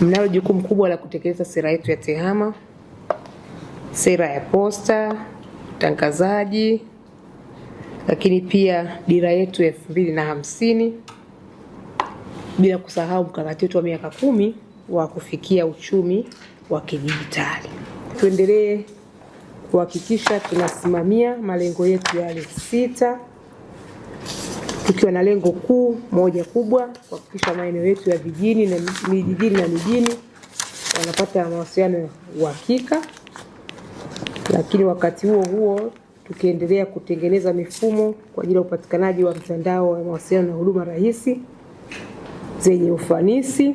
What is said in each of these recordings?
Mnalo jukumu kubwa la kutekeleza sera yetu ya TEHAMA, sera ya posta, utangazaji, lakini pia dira yetu elfu mbili na hamsini, bila kusahau mkakati wetu wa miaka kumi wa kufikia uchumi wa kidijitali. Tuendelee kuhakikisha tunasimamia malengo yetu yale sita tukiwa na lengo kuu moja kubwa, kuhakikisha maeneo yetu ya vijijini na mijijini na mijini wanapata mawasiliano ya uhakika, lakini wakati huo huo tukiendelea kutengeneza mifumo kwa ajili ya upatikanaji wa mtandao wa mawasiliano na huduma rahisi zenye ufanisi,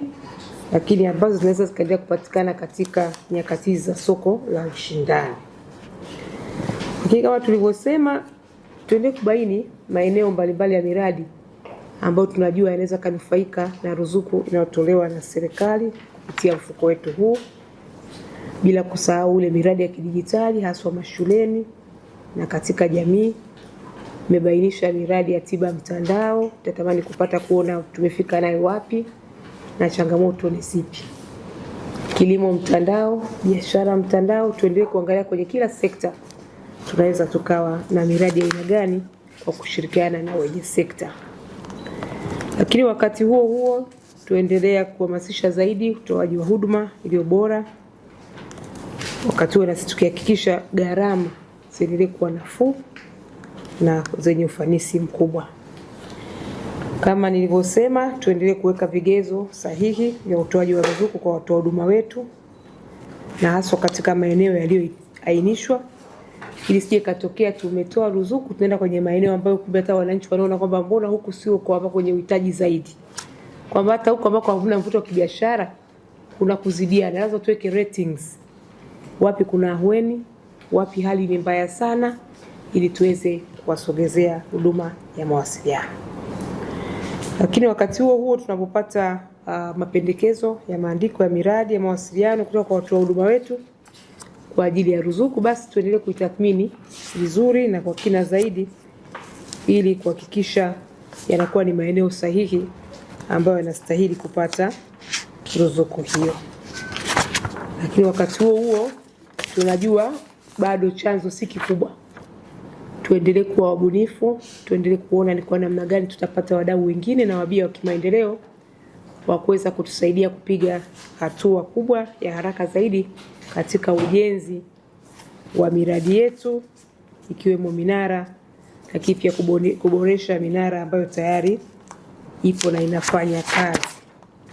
lakini ambazo zinaweza zikaendelea kupatikana katika nyakati za soko la ushindani. Lakini kama tulivyosema, tuende kubaini maeneo mbalimbali ya miradi ambayo tunajua yanaweza kanufaika na ruzuku inayotolewa na serikali kupitia mfuko wetu huu, bila kusahau ile miradi ya kidijitali haswa mashuleni na katika jamii. Imebainisha miradi ya tiba mtandao, tutatamani kupata kuona tumefika nayo wapi na changamoto ni zipi. Kilimo mtandao, biashara mtandao, tuendelee kuangalia kwenye kila sekta tunaweza tukawa na miradi ya aina gani kwa kushirikiana na wenye sekta. Lakini wakati huo huo tuendelea kuhamasisha zaidi utoaji wa huduma iliyo bora, wakati huo nasi tukihakikisha gharama ziendelee kuwa nafuu na zenye ufanisi mkubwa. Kama nilivyosema, tuendelee kuweka vigezo sahihi vya utoaji wa ruzuku kwa watoa huduma wetu na haswa katika maeneo yaliyoainishwa ili sije katokea tumetoa ruzuku tunaenda kwenye maeneo ambayo kumbe hata wananchi wanaona kwamba mbona huku sio kwa hapa kwenye uhitaji zaidi, kwamba hata huko ambako hakuna mvuto wa kibiashara kuna kuzidiana. Lazima tuweke ratings, wapi kuna ahueni, wapi hali ni mbaya sana, ili tuweze kuwasogezea huduma ya mawasiliano. Lakini wakati huo huo tunapopata uh, mapendekezo ya maandiko ya miradi ya mawasiliano kutoka kwa watu wa huduma wetu kwa ajili ya ruzuku, basi tuendelee kuitathmini vizuri na kwa kina zaidi ili kuhakikisha yanakuwa ni maeneo sahihi ambayo yanastahili kupata ruzuku hiyo. Lakini wakati huo huo tunajua bado chanzo si kikubwa, tuendelee kuwa wabunifu, tuendelee kuona ni kwa namna gani tutapata wadau wengine na wabia wa kimaendeleo wa kuweza kutusaidia kupiga hatua kubwa ya haraka zaidi katika ujenzi wa miradi yetu ikiwemo minara, lakini pia kuboresha minara ambayo tayari ipo na inafanya kazi.